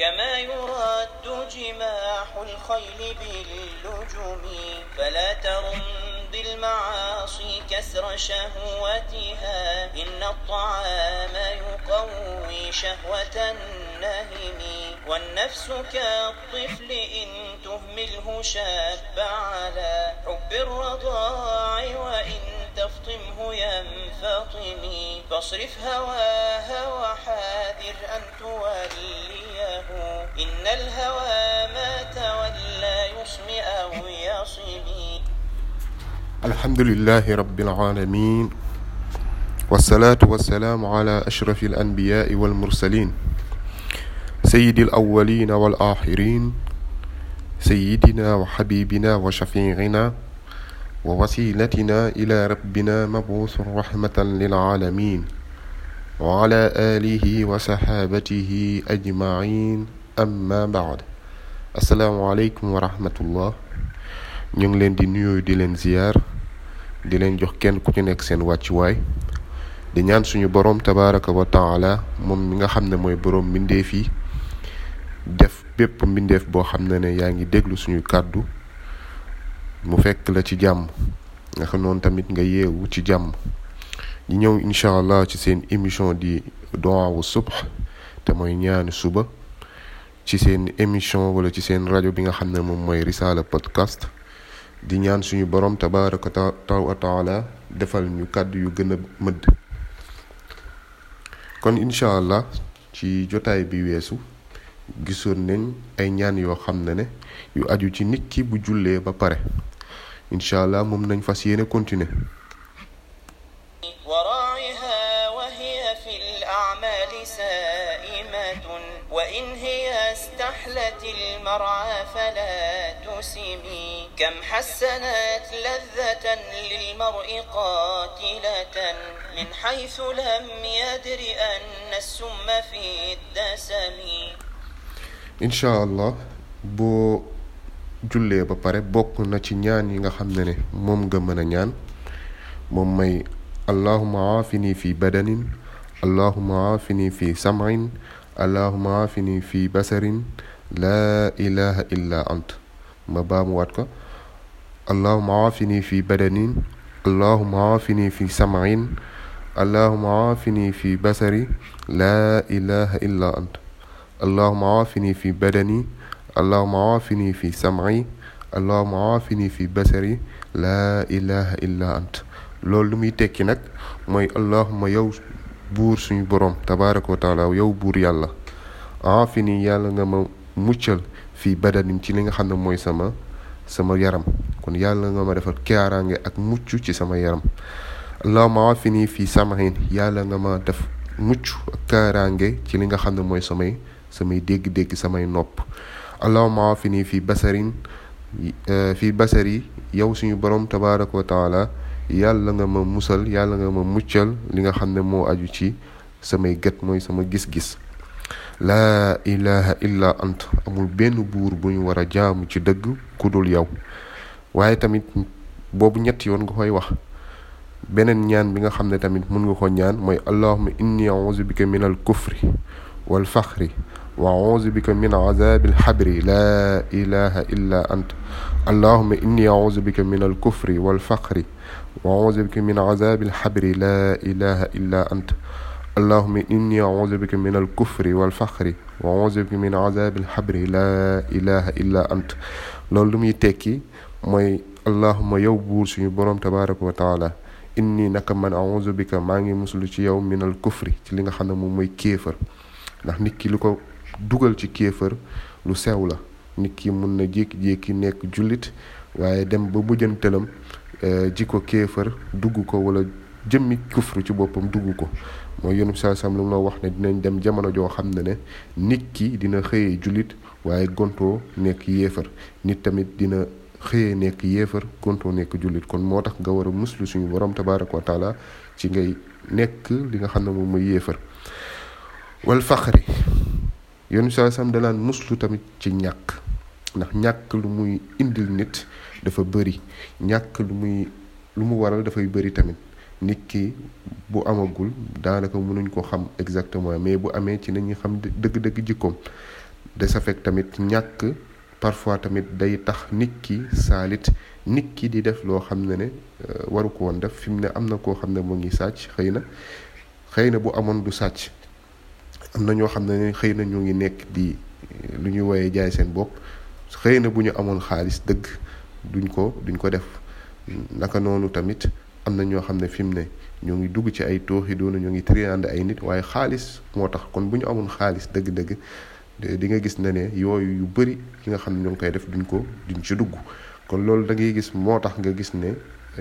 كما يراد جماح الخيل باللجم فلا ترم بالمعاصي كسر شهوتها إن الطعام يقوي شهوة النهم والنفس كالطفل إن تهمله شاب على حب الرضاع وإن تفطمه ينفطم فاصرف هواها وحاذر أن تولي إن الهوى ما تولى يسمع أو يصم الحمد لله رب العالمين والصلاة والسلام على أشرف الأنبياء والمرسلين سيد الأولين والآخرين سيدنا وحبيبنا وشفيعنا ووسيلتنا إلى ربنا مبعوث رحمة للعالمين wa ala alihi wa saxaabatihi ajmain amma baad asalaamualeykum wa rahmatullah ñu ngi leen di nuyu di leen ziyaar di leen jox kenn ku ci nekk seen wàccuwaay di ñaan suñu boroom tabaraka wa taala moom mi nga xam ne mooy boroom mbindeef yi def bépp mbindeef boo xam ne ne yaa ngi déglu suñu kàddu mu fekk la ci jàmm nga xam noonu tamit nga yeewu ci jàmm ñëw incha allah ci seen émission di doawu subh te mooy ñaani suba ci seen émission wala ci seen rajo bi nga xam ne moom mooy Risaala podcast di ñaan suñu borom tabaraka wa taala defal ñu kàddu yu gën a mëdd kon incha allah ci jotaay bi weesu gisoon nañ ay ñaan yoo xam ne ne yu aju ci nit ki bu jullee ba pare incha allah moom nañ fas yéene continuer إن هي استحلت المرعى فلا تسمي كم حسنت لذة للمرء قاتلة من حيث لم يدر أن السم في الدسم incha allah boo jullee ba pare bokk na ci ñaan yi nga xam ne ne moom nga mën a ñaan moom may allahuma aafini fi badanin allahuma aafini fi samain allahuma aafini fi basarin laa ilaha illa ant ma baamuwaat ko allahuma aafini fi badanin allahuma aafini fi samain allahuma aafini fi basari laa ilaha illa ant allahuma aafini fi badani allahuma aafini fi sam'i allahuma aafini fi basari laa ilaha illa ant loolu lu muy tekki nag mooy allahuma yow buur suñu borom tabaaraka wa taala yow buur yàlla ah, fi nii yàlla nga ma muccal fii badanim ci li nga xam ne mooy sama sama yaram kon yàlla nga ma defal kaaraange ak mucc ci sama yaram allahumma afi nii fii samahin yàlla nga ma def mucc ak ci li nga xam ne mooy samay samay dégg-dégg samay nopp allahumma fi nii fii basarin eh, fii basari yow suñu borom tabaaraka wa taala yàlla nga ma musal yàlla nga ma muccal li nga xam ne moo aju ci samay gët mooy sama gis-gis laa ilaha illa ant amul benn buur bu ñu war a jaamu ci dëgg ku dul yow waaye tamit boobu ñett yoon nga koy wax beneen ñaan bi nga xam ne tamit mun nga ko ñaan mooy allahuma inni a'udhu bika minal kufri wal faxri wa auzu bika min azabil xabri laa ilaha illa ant allahuma inni auzu bika min al kufri wal faqri wa auzu bika min azabil xabri laa ilaha illa ant allahuma inni auzu bika min al kufri wal faqri wa auzu bika min azabil xabri laa ilaha illa ant loolu lu muy tekki mooy allahuma yow buur suñu boroom tabaraka wa taala inni naka man auzu bika maa ngi muslu ci yow min al kufri ci li nga xam ne moom mooy kéefër ndax nit ki lu ko dugal ci kéefër lu sew la nit ki mun na jékki-jékki nekk jullit waaye dem ba mujjantalam eh, ji ko kéefër dugg ko wala jëmmi kufru ci boppam dugg ko mooy yonub saa sam lu noo wax ne dinañ dem jamono joo xam ne ne nit ki dina xëyee jullit waaye gontoo nekk yéefar nit tamit dina xëyee nekk yéefar gontoo nekk jullit kon moo tax nga war a muslu suñu borom tabaraka wa ci ngay nekk li nga xam ne moom mooy yéefar wal faxri yonent saa sam dalaan muslu tamit ci ñàkk ndax ñàkk lu muy indil nit dafa bëri ñàkk lu muy lu mu waral dafay bëri tamit nit ki bu amagul daanaka mënuñ ko xam exactement mais bu amee ci nañuy xam dëgg-dëgg jikkoom de sa tamit ñàkk parfois tamit day tax nit ki saalit nit ki di def loo xam ne ne euh, waru ko woon def fi mu ne am na koo xam ne mu ngi sàcc xëy na xëy na bu amoon du sàcc am na ñoo xam ne xëy na ñoo ngi nekk di lu ñuy woyee jaay seen bopp xëy na bu ñu amoon xaalis dëgg duñ ko duñ ko def naka noonu tamit am na ñoo xam ne fi mu ne ñoo ngi dugg ci ay tooxi doona ñoo ngi triande ay nit waaye xaalis moo tax kon bu ñu amoon xaalis dëgg-dëgg di nga gis ne ne yooyu yu bari yi nga xam ne ñoo ngi koy def duñ ko duñ ci dugg kon loolu da ngay gis moo tax nga gis ne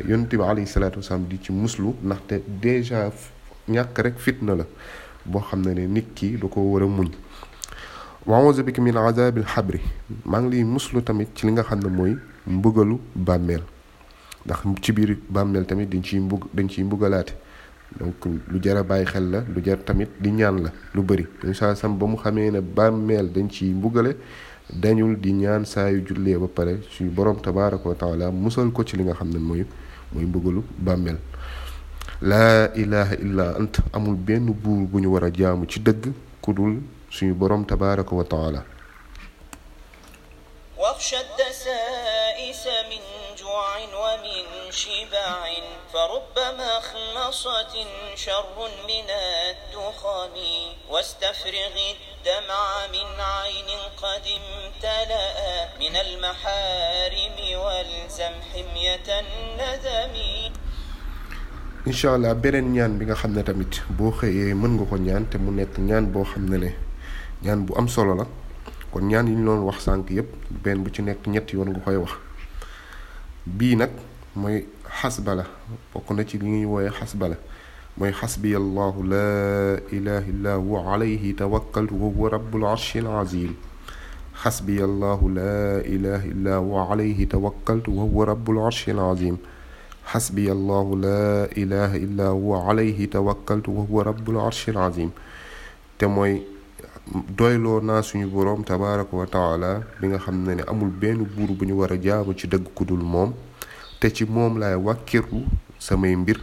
yonent bi alayhi salaatu wasalaam di ci muslu ndaxte déjà ñàkk rek fitna la boo xam ne ne nit ki du ko war a muñ wa a'uuzu bika min xabri maa ngi lay muslu tamit ci li nga xam ne mooy mbugalu bàmmeel ndax ci biir bàmmeel tamit dañ ciy mbug dañ ciy mbugalaate donc lu jar a bàyyi xel la lu jar tamit di ñaan la lu bëri dañ ba mu xamee ne bàmmeel dañ ciy mbugale dañul di ñaan saa yu jullee ba pare suy borom tabaaraka wa taala musal ko ci li nga xam ne mooy mooy mbugalu bàmmeel laa ilaha illa ant amul benn buur bu ñu war a jaamu ci dëgg ku dul suñu boroom tabaraka wa taala واخشى الدسائس من جوع ومن شباع فربما خمصة شر من الدخان واستفرغ الدمع من عين قد امتلأ من المحارم والزم حمية الندم incha allah beneen ñaan bi nga xam ne tamit boo xëyee mën nga ko ñaan te mu nekk ñaan boo xam ne ne ñaan bu am solo la kon ñaan yi ñu wax sànq yëpp benn bu ci nekk ñett yoon nga koy wax bii nag mooy xasbala bokk na ci li ñuy wooyee xasbala mooy xasbiya allahu laa ilaha illa huwa alayhi tawakkaltu wa huwa rabbul arshil azim xasbiya allahu laa ilaha illa huwa alayhi tawakkaltu wa huwa rabbul arshil azim xasbiya allahu laa ilaha illa huwa alayhi tawakkaltu wa huwa rabbul arshil azim te mooy doyloo naa suñu boroom tabaraka wa taala bi nga xam ne ne amul benn buur bu ñu war a jaamu ci dëgg ku dul moom te ci moom laay wàkkiru samay mbir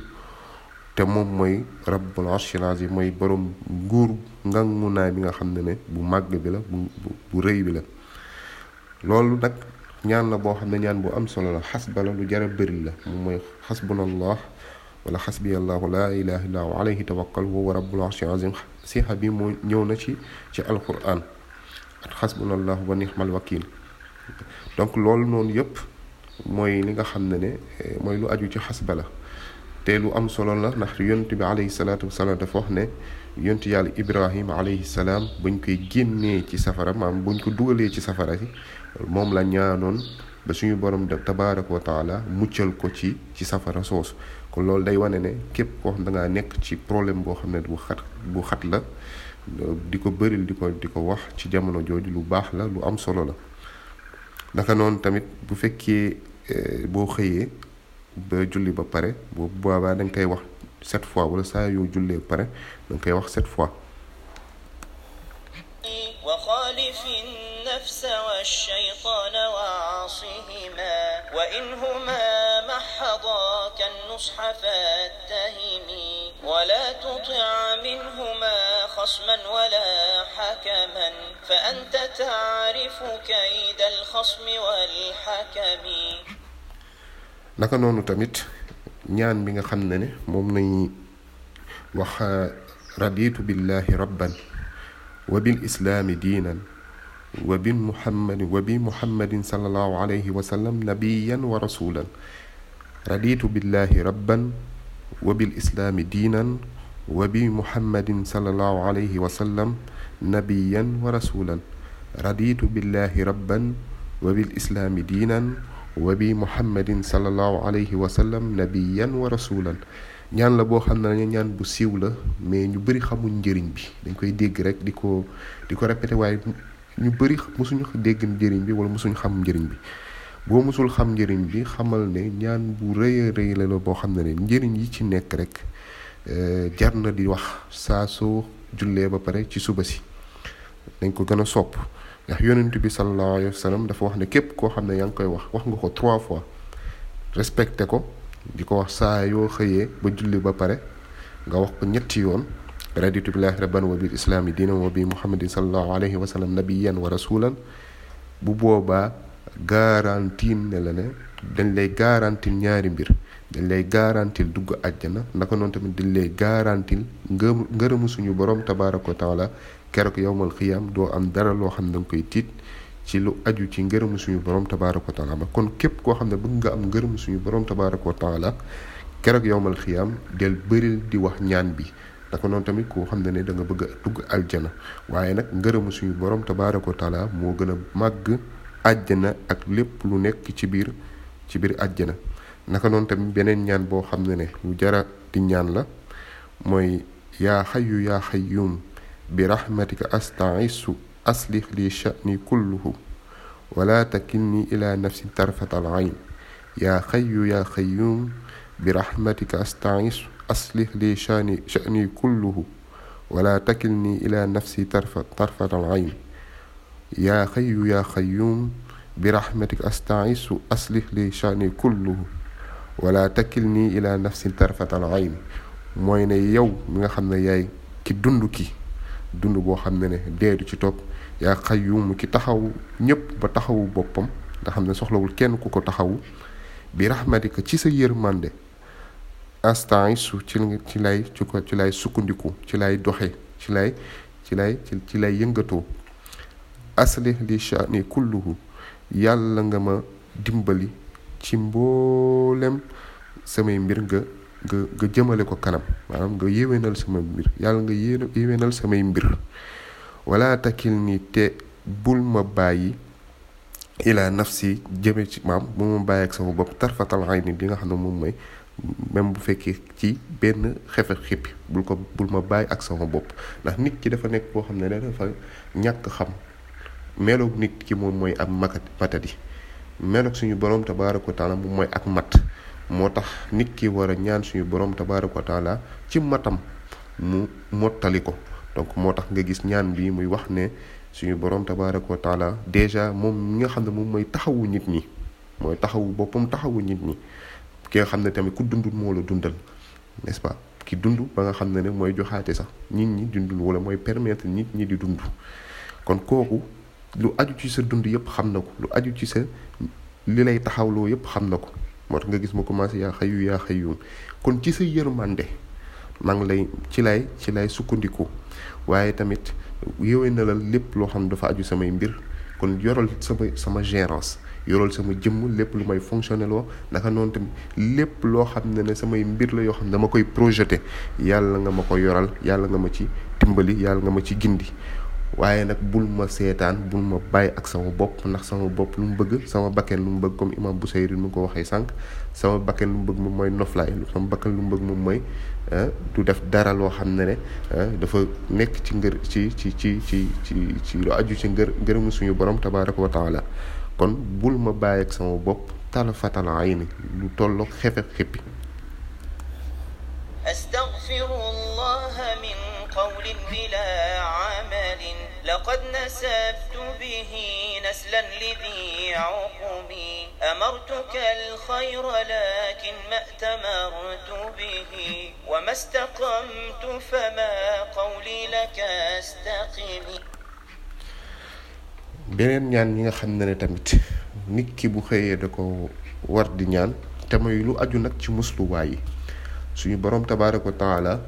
te moom mooy rabbul arshil azim mooy boroom nguur ngangu naay bi nga xam ne ne bu màgg bi la bu bu rëy bi la loolu nag ñaan la boo xam ne ñaan bu am solo la xasba la lu jara bëri la moom mooy xasbunallah wala xasbiyallahu laa ilaha illa wa alayhi tawakkal huwa rabbul arshil azim siixa bi moo ñëw na ci ci alquran at xasbunallahu wa nixmal donc loolu noonu yëpp mooy li nga xam ne ne eh, mooy lu aju ci xasba la te lu am solo la ndax yonent bi alayhi salaatu wasalaam dafa wax ne yonent yàlla ibrahima alayhi salaam buñ koy génnee ci safara maam buñ ko dugalee ci safara si moom la ñaanoon ba suñu borom tabaaraka wa taala muccal ko ci ci safara soosu kon loolu day wane ne képp koo xam da ngaa nekk ci problème boo xam ne bu xat bu xat la di ko bëril di ko di ko wax ci jamono jooju lu baax la lu am solo la naka noonu tamit bu fekkee eh, boo xëyee ba julli ba pare bu boobaa da koy wax sept fois wala saa yoo jullee pare da koy wax sept fois. النفس والشيطان وعاصهما وإنهما محضاك النصح فاتهمي ولا تطع منهما خصما ولا حكما فأنت تعرف كيد الخصم والحكم naka noonu tamit ñaan bi nga xam ne ne moom nañ wax raditu billahi rabban wa bil islaami diinan wa bin muhammadin wa bi muhammadin sallallahu alayhi wa sallam nabiyan wa rasulan raditu billahi rabban wa bil islaami diinan wa bi muhammadin sallallahu alayhi wa sallam nabiyan wa rasulan raditu billahi rabban wa bil islaami diinan wa bi muhammadin sallallahu alayhi wa sallam nabiyan wa rasulan ñaan la boo xam ne dañu ñaan bu siiw la mais ñu bëri xamuñ njëriñ bi dañ koy dégg rek di ko di ko répété waaye ñu bëri mosuñu dégg njëriñ bi wala mosuñu xam njëriñ bi boo mosul xam njëriñ bi xamal ne ñaan bu rëy rëy la la boo xam ne ne njëriñ yi ci nekk rek euh, jar na di wax saa soo jullee ba pare ci suba si dañ ko gën a sopp ndax yonent bi sallallahu alayhi wa dafa wax ne képp koo xam ne yaa ngi koy wax wax nga ko trois fois respecté ko di ko wax saa yoo xëyee ba julli ba pare nga wax ko ñetti yoon raditu billahi rabban wa bil islaami diinan wa bi muhammadin salallahu alayhi wa sallam nabiyan wa rasulan bu boobaa garantil ne la ne dañ lay garantil ñaari mbir dañ lay garantil dugg àjjana naka noonu tamit dañ lay garantil nga ngërëmu suñu borom tabaraka wa taala keroog yowmal xiyaam doo am dara loo xam ne danga koy tiit ci lu aju ci ngërëmu suñu borom tabaraka wa ma kon képp koo xam ne bëgg nga am ngërëmu suñu borom tabaraka wa taala keroog yowmal xiyaam del bëril di wax ñaan bi naka noonu tamit koo xam ne ni danga nga bëgg a dugg aljana waaye nag ngërëmu suñu borom tabaaraka wa taala moo gën a màgg àjjana ak lépp lu nekk ci biir ci biir àjjana naka noonu tamit beneen ñaan boo xam ne ne mu jara di ñaan la mooy yaa xayu yaa xayuum bi rahmatika astaisu aslix li aslih li shani shani kulluhu wala takilni ila nafsi tarfa tarfatal ayn yaa xayu yaa xayuum birahmatik astaisu aslih li shani kulluhu wala takilni ila nafsi tarfatal ayn mooy ne yow mi nga xam ne yaay ki dund ki dund boo xam ne ne deedu ci topp yaa xayuum ki taxaw ñépp ba taxawu boppam nga xam ne soxlawul kenn ku ko taxawu birahmatika ci sa mànde instant yi su ci ci lay ci ko sukkandiku ci lay doxe ci lay ci lay ci lay yëngatoo aslih li sha'ni kulluhu yàlla nga ma dimbali ci mboolem samay mbir nga nga nga jëmale ko kanam maanaam nga yéwénal sama mbir yàlla nga yéwénal samay mbir wala takil ni te bul ma bàyyi ila nafsi jëme ci maam bu ma bàyyi ak sama bopp tarfatal ayni bi nga xam ne moom mooy même bu fekkee ci benn xefe xippi bul ko bul ma bàyyi ak sama bopp ndax nit ki dafa nekk koo xam ne dafa ñàkk xam meloog nit ki moom mooy am makat matadi meloog suñu borom tabaaraka wa moom mooy ak matt moo tax nit ki war a ñaan suñu borom tabaaraka wa taala ci matam mu mottali ko donc moo tax nga gis ñaan bi muy wax ne suñu borom tabaaraka wa taala déjà moom mi nga xam ne moom mooy taxawu nit ñi mooy taxawu boppam taxawu nit ñi ki xam ne tamit ku dundul moo la dundal n'est-ce pas ba nga xam ne ne mooy joxaate sax nit ñi dundul wala mooy permettre nit ñi di dund kon kooku lu aju ci sa dund yëpp xam na ko lu aju ci sa li lay taxawloo yëpp xam na ko moo nga gis ma commencé yaa xayu yaa xayuun kon ci sa yërmande maa ngi lay ci ci lay sukkandiku waaye tamit yowee na la lépp loo xam ne dafa aju samay mbir kon yoral sama sama gérance yorool sama jëmm lépp lu may fonctionné loo naka noonu tamit lépp loo xam ne ne samay mbir la yoo xam ne dama koy projeté yàlla nga ma ko yoral yàlla nga ma ci timbali yàlla nga ma ci gindi waaye nag bul ma seetaan bul ma bàyyi ak sama bopp ndax sama bopp lu bëgg sama bakken lu mu bëgg comme imam Busayri mu ko waxee sànq sama bakken lu mu bëgg moom mooy noflaay sama lu mu bëgg moom mooy du def dara loo xam ne dafa nekk ci ngër ci ci ci ci ci ci lu aju ci ngër ngërëmu suñu borom tabaraka wa taala kon bul ma bàyyi ak sama bopp tala fatal ay ni lu tolloog xefe xeppi astaghfiru llaha min qawlin bila amalin laqad nasabtu bihi naslan lidhi uqumi amartuka alkhayra lakin ma tamartu bihi wa ma istaqamtu fama qawli laka astaqimi beneen ñaan ñi nga xam ne ne tamit nit ki bu xëyee da ko war di ñaan te mooy lu aju nag ci musluwaay yi suñu borom tabaaraka wa taala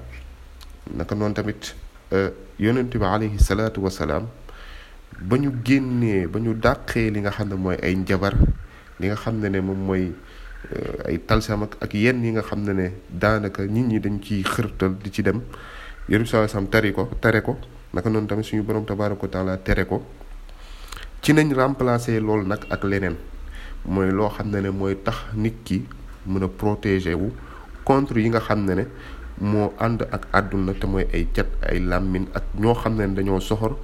naka noonu tamit euh, yonent bi alayhi salaatu wasalaam ba ñu génnee ba ñu dàqee li nga xam ne mooy ay njabar li nga xam ne ne moom mooy euh, ay talsam ak ak yenn yi nga xam ne ne daanaka nit ñi dañ ciy xërtal di ci dem yonent bi salaam tari ko tare ko naka noonu tamit suñu borom tabaaraka wa taala tere ko ci nañ remplacer loolu nag ak leneen mooy loo xam ne ne mooy tax nit ki mën a protéger wu contre yi nga xam ne ne moo ànd ak àdduna te mooy ay cat ay làmmin ak ñoo xam ne dañoo soxor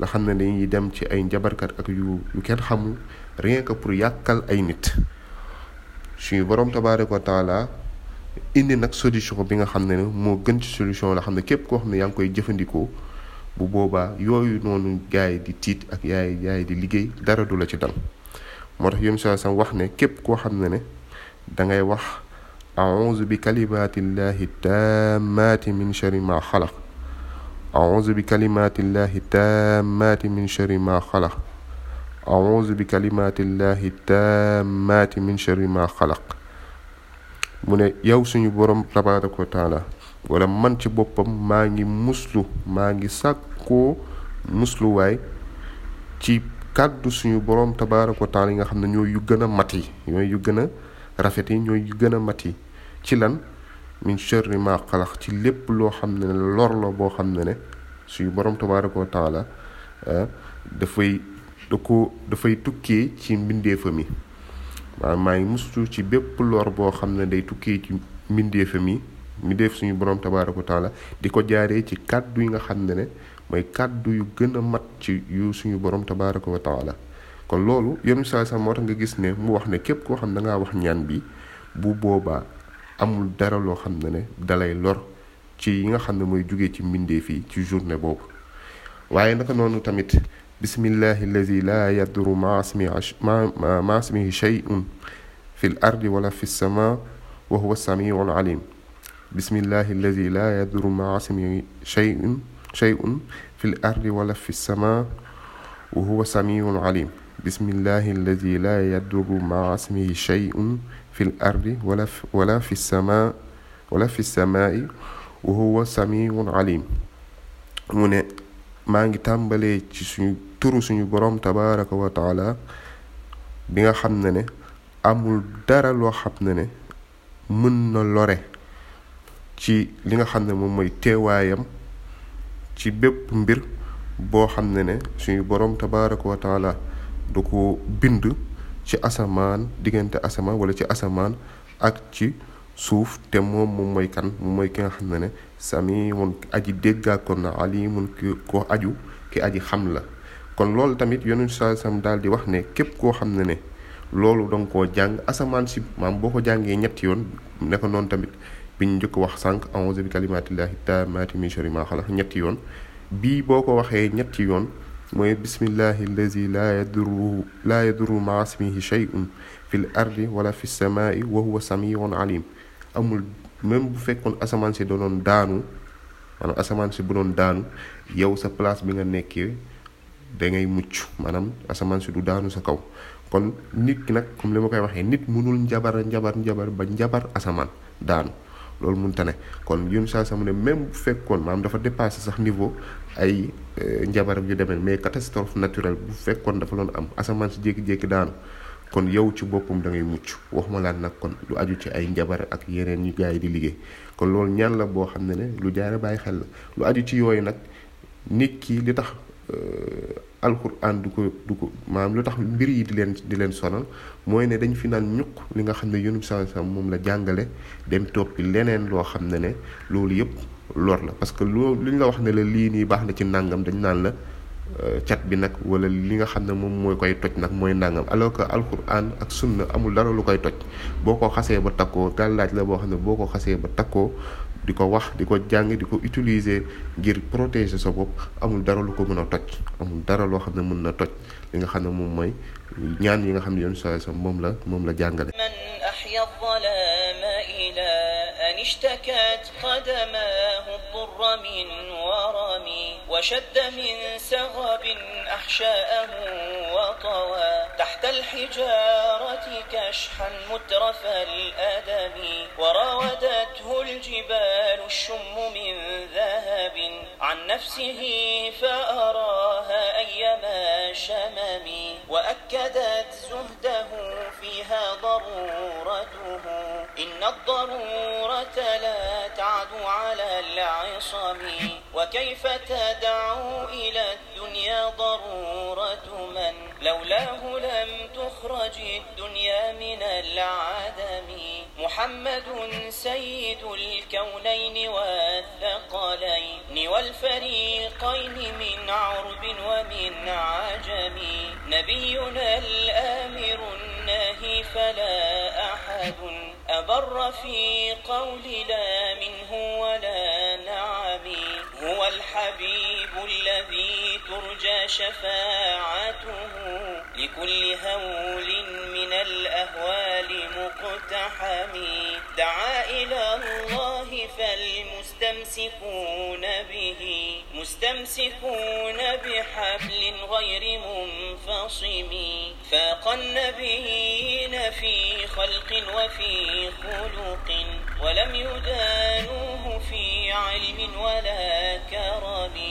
nga xam ne dañuy dem ci ay njabarkat ak yu yu kenn xamul rien que pour yàkkal ay nit suñu borom tabaaraka wa taala indi nag solution bi nga xam ne ne moo gën ci solution la xam ne képp koo xam ne yaa ngi koy jëfandikoo bu boobaa yooyu noonu gaay di tiit ak yaay yaay di liggéey dara du la ci dal moo tax yom saa sam wax ne képp koo xam ne ne da ngay wax auzu bi kalimatillahi tammati min shari ma xalaq auzu bi kalimatillahi tammati min shari ma xalaq auzu bi kalimatillahi tammati min shari ma xalaq mu ne yow suñu borom tabaraka wa taala wala man ci boppam maa ngi muslu maa ngi sàkkoo musluwaay ci kàddu suñu borom tabaaraka wa yi nga xam ne ñooy yu gën a mat yi ñooy yu gën a rafet yi ñooy yu gën a mat yi ci lan min sharri maa xalaq ci lépp loo xam ne lor la boo xam ne ne suñu borom tabaaraka wa taala ah, dafay da dafay tukkee ci mbindeefam yi maa ngi muslu ci bépp lor boo xam ne day tukkee ci mbindeefam yi mi def suñu borom tabaaraka taala di ko jaaree ci kàddu yi nga xam ne ne mooy kàddu yu gën a mat ci yu suñu borom tabaaraka wa taala kon loolu yonent bi sallallahu moo tax nga gis ne mu wax ne képp koo xam ne da ngaa wax ñaan bi bu boobaa amul dara loo xam ne ne dalay lor ci yi nga xam ne mooy jóge ci mbindeef yi ci journée boobu waaye naka noonu tamit bismillahi allazi laa yaduru maasmi maasmihi shay'un fi l ardi wala fi sama wa huwa samiul alim bismillahi alladi laa yaduru maa asmi shayun shayun fi l ardi wala fi sama wa huwa samiun alim bismillahi alladi laa yaduru maa asmihi shayun fi l ardi wala wala fi sama wala fi samaai wa huwa samiun alim mu ne maa ngi tàmbalee ci suñu turu suñu boroom tabaraka wa taala bi nga xam ne ne amul dara loo xam ne ne mën na lore ci li nga xam ne moom mooy teewaayam ci bépp mbir boo xam ne ne suñu boroom tabaaraka wa taala du ko bind ci asamaan diggante asamaan wala ci asamaan ak ci suuf te moom moom moy kan moom mooy ki nga xam ne ne samiun aji déggaakoon na alimun ki ko aju ki aji xam la kon loolu tamit yenu saa sam daal di wax ne képp koo xam ne ne loolu danga koo jàng asamaan si maam boo ko jàngee ñetti yoon ne ko noonu tamit bi ñu njëkk wax sànq a'uuzu bi kalimaatillaahi taammaati min sharri maa xalaq ñetti yoon bii boo ko waxee ñetti yoon mooy bismillahi allazi laa yadurru laa yadurru maa ismihi shay'un fil ardi wala fi samaai wa huwa samiun alim amul même bu fekkoon asamaan si doonoon daanu maanaam asamaan si bu doon daanu yow sa place bi nga nekkee da ngay mucc maanaam asamaan si du daanu sa kaw kon nit ki nag comme li ma koy waxee nit mënul njabar njabar njabar ba njabar asamaan daanu loolu mënta ne kon yun saa sama ne même bu fekkoon maanaam dafa dépassé sax niveau ay euh, njabar yu demee mais catastrophe naturel bu fekkoon dafa loon am asamaan si jékki-jékki daanu kon yow ci boppam da ngay mucc waxuma laan nag kon lu aju ci ay njabar ak yeneen ñu gars yi di liggéey kon loolu ñaan la boo xam ne ne lu jaare bàyyi xel la lu aju ci yooyu nag nit ki li tax euh, alquran du ko du ko maanaam lu tax mbir yi di leen di leen sonal mooy ne dañ fi naan ñuq li nga xam ne yonub sansam moom la jàngale dem toppi leneen loo xam ne ne loolu yëpp lor la parce que loo li ñu la wax ne la lii nii baax na ci nàngam dañ naan la euh, cat bi nag wala li nga xam ne moom mooy koy toj nag mooy nàngam alors que alquran ak sunna amul dara lu koy toj boo ko xasee ba takkoo gàllaaj la boo xam ne boo ko xasee ba takkoo di ko wax di ko jàng di ko utiliser ngir protéger sa bopp amul dara lu ko mën a toj amul dara loo xam ne mën na toj li nga xam ne moom mooy ñaan yi nga xam ne yoon sa sa moom la moom la jàngale man وشد من سغب أحشاءه وطوى تحت الحجارة كشحا مترف الأدب وراودته الجبال الشم من ذهب عن نفسه فأراها أيما شمم وأكدت زهده فيها ضرورته إن الضرورة لا تعد على العصم وكيف تدعو إلى الدنيا ضرورة من لولاه لم تخرج الدنيا من العدم محمد سيد الكونين والثقلين والفريقين من عرب ومن عجم نبينا الآمر الناهي فلا أحد البر في قول لا منه ولا نعم هو الحبيب الذي ترجى شفاعته لكل هول من الأهوال مقتحم دعا إلى الله مستمسكون به مستمسكون بحبل غير منفصم فاق النبيين في خلق وفي خلق ولم يدانوه في علم ولا كرم